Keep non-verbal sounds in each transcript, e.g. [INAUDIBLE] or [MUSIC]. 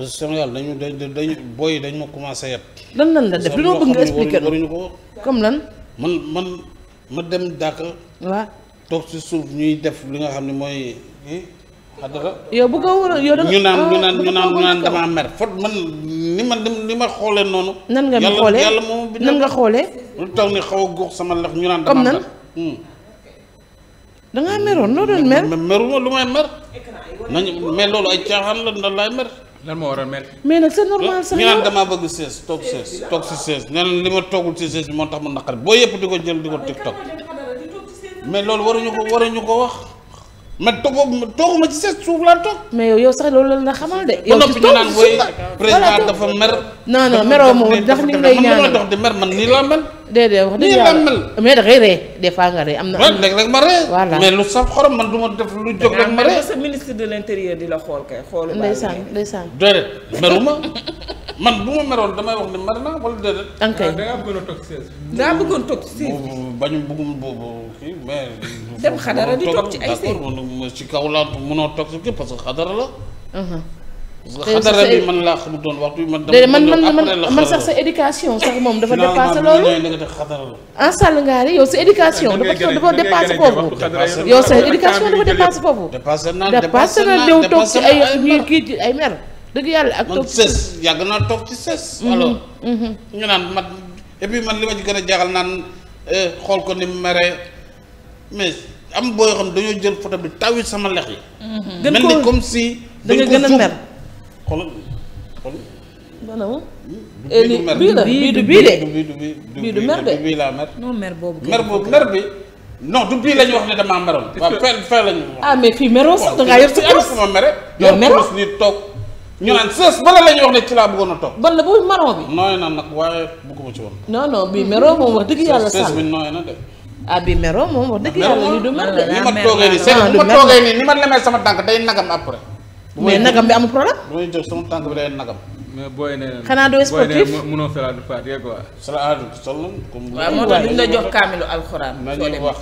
parce que Sénégal dañu dañu dañu booy dañ ma commencé yeb. lan lan la def li bëgg nga expliquer waruñu ko comme lan. man man ma dem Dakar. waaw toog si suuf ñuy def li nga xam ne mooy. adaka yow bu ko a yow da ñu naan ñu ah, naan ñu naan ñu naan damaa mer fot man ma dem ni ma xoolee noonu. nan nga ma xoolee yàlla moom nan nga xoolee. lu tax ni xaw a góox sama lex ñu naan. comme nan hmm. da ngaa meroon loo mer. meruma lu may mer. nañu mais loolu ay caaxaan la ndax mer. lan moo waral mel. mais nag c'est normal sax ñu naan damaa bëgg sées toog sées toog si sées nee li ma toogul si sées bi moo tax na naqari boo yëpp di ko jël di ko tiktok mais loolu waruñu ko waruñu ko wax. ma toogoo tooguma ci seen suuf laa toog. mais yow yow sax loolu la nga xamal de. yow ci toog ci suuf la président dafa mer. naan non meroo moom ndax ni ngay ñaanal dox di mer man nii laa mel. déedéet wax dëgg yàlla mel mais da ngay ree des nga ree am na. léeg-léeg ma ree. voilà mais lu saf xorom man du ma def lu jóg rek ma ree. sa ministre de l'intérieur di la xool kay. xoolu ndeysaan ndeysaan. déedéet meruma man bu ma meroon damay wax ne mer naa wala déedéet. en kay ah, da ngaa bëggoon a toog siis. daa bëggoon toog siis. bañu bëggum boobu kii mais. [LAUGHS] dem xadara di toog ci ay seen d'accord ci kaw laa munoo toog si kii parce que xadara la. Uh-huh. xadara bi man laa xamutoon waxtu bi man. man man man sax sa éducation sax moom dafa dépassé loolu. en Sall Ngaari yow sa éducation dafa dafa dépassé foofu. yow sa éducation dafa dépassé foofu. dépassé naa dépassé toog ci ay yàlla ak toog ci naa toog ci ses. Mhm, alors mhm. ñu naan man et puis li ma ci gën a jaaxal naan eh, xool ko ni mere mais am boo yoo xam dañoo jël photo bi taw sama lex yi. Mhm. gën koo mel comme si. dañ ko gën a mer. xoolal xoolal. Eh, maanaam. bii la du bii de bii du la mer. non mer boobu. mer boobu bi. non wax ne damaa meroon. waaw fee fee la ñu ah, fii meroo sax da ngaa yor sa kurus. toog. ñu naan sës bala la ñuy wax ne ci laa bëggoon a toog. ban la boobu marron bi. nooy na nag waaye bëgguma ci woon. non non bii meroo moom wax dëgg yàlla. sànni sës bi nooy na de. ah bii meroo moom wax dëgg yàlla. li du mer de ni ma toogee nii seen ah, ni ma toogee nii ni ma lemee sama tànk day nagam après. mais nagam bi amul problème. bu may jóg sama tànk bi day nagam. mais booy nee na xanaa doo sportif booy nee mënoo salaatul faatiha quoi. salaatul sol comme. waaw moo wax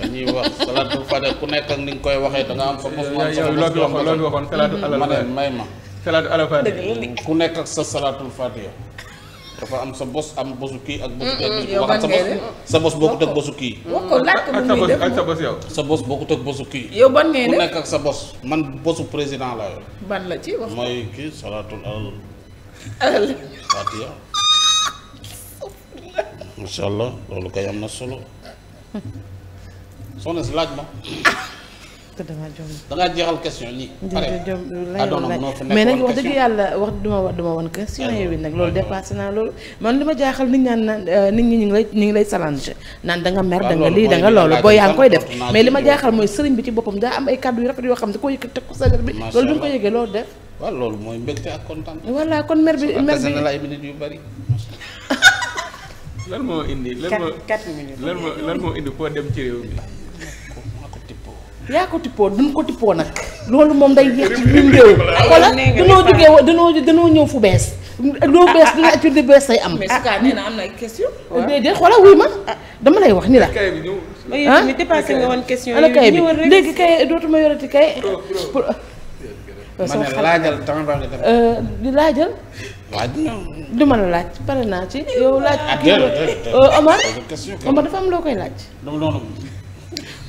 dañuy wax salaatul faatiha ku nekk ak ni nga koy waxee da nga am. fa mos ma am sama mos ma may ma salaatul alal faatiha ku nekk ak sa salaatul faatiha dafa am sa bos am bosu kii ak. yow ban sa bos bokkut ak bosu kii. wax ko làkk bu sa bos boo ko teg bosu kii. yow ban ngay def ku nekk ak sa bos man bosu président la yor. ban la ci wax mooy kii salaatul al. al fatiha. loolu kay am na solo. soxna laaj ma. que damaa jom da ngaa jeexal question nii. pare ah, mais nag wax dëgg yàlla wax duma wax duma woon question yooyu nag loolu dépassé naa loolu man li ma jaaxal nit ñaan ñi euh, ngi lay ñu ngi lay naan da nga mer da nga lii da loolu boo yaa ngi koy def mais li ma jaaxal mooy sëriñ bi ci boppam daa am ay kàddu yu rafet yoo xam ne ko yëkkati teg ko sagar bi loolu bi nga ko yëgee loolu def waaw loolu mooy mbégte ak kontaan voilà kon mer bi mer bi la ay minutes yu bari lan moo indi lan moo indi koo dem ci réew mi yaa ko tippoo duñ ko tippoo nag loolu moom day jeex ci ñun réew wala danoo jógee danoo ñëw fu bees loo bees dina accu di bees say am na am na ay question ah, déedéet xoolal wuy ma ah. dama lay wax ni la ah dépassé nga woon question ana kay bi léegi kay dootuma yorati kay laajal euh, di laajal du ma a laaj pare naa ci yow laaj ah, euh, Omar Omar dafa am loo koy laaj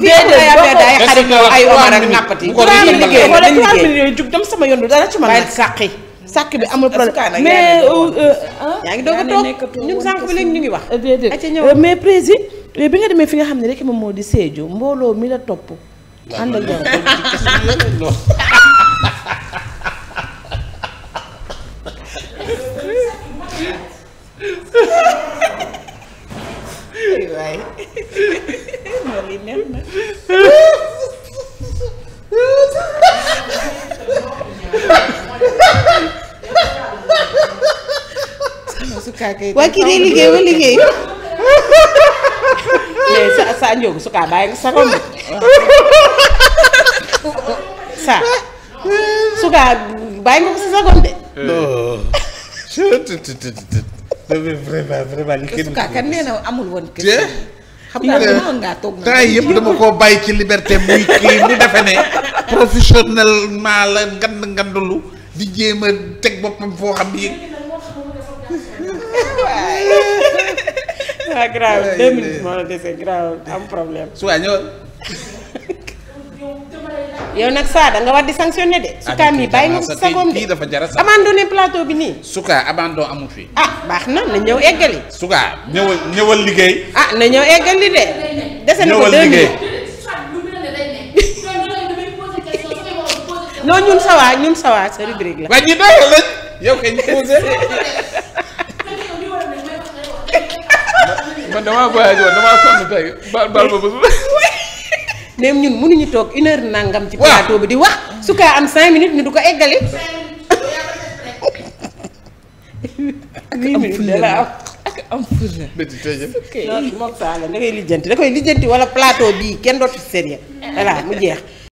ay xarit ay romar ak nàppati. bu ko liggéey jug sama yoon dara ci man nag sàqi sàkk bi amul problème mais. Euh, euh, ah? yaa ngi doog a toog ngi wax. Euh, déedéet mais président bi nga demee fi nga xam ne rek moom moo di Sédhiou mbooloo mi la topp. ànd ak [LAUGHS] Souka Keita waa kii day liggéey ba liggéey. mais [LAUGHS] [LAUGHS] sa sa Ndiogou Souka bàyyi nga [LAUGHS] bàyyi nga ko si sagoon de. Eh. vraiment vraiment kenn. Souka amul woon kër. xam nga mënoon ngaa toog na temps yëpp dama koo bàyyi ci liberté muy kii mu defe ne professionnellement la ngand ngandulu di jéem teg boppam foo xam ni waay. waa ah, grave deux minutes moo [LAUGHS] nag saa da nga war di sanctionné de. Ah, sukaam yi bàyyi nga sagoom de kii dafa jar a abandonné plateau bi nii. suka abandon amul fii. ah baax na na ñëw eggali. suka ñëwal ñëwal liggéey. ah na ñëw eggali de. dese na ko deux minutes [LAUGHS] ñun sawa ñun sawa sa rubrique la. [LAUGHS] man damaa voyagé woon damaa sonn tey baal baal ma bës. même ñun mënuñu toog une nangam. ci plateau bi di wax. su kaa am cinq minutes ñu du ko eggali. ak am fulla moom saa la da ngay lijjanti da koy lijjanti wala plateau bii kenn dootu sérieux voilà mu jeex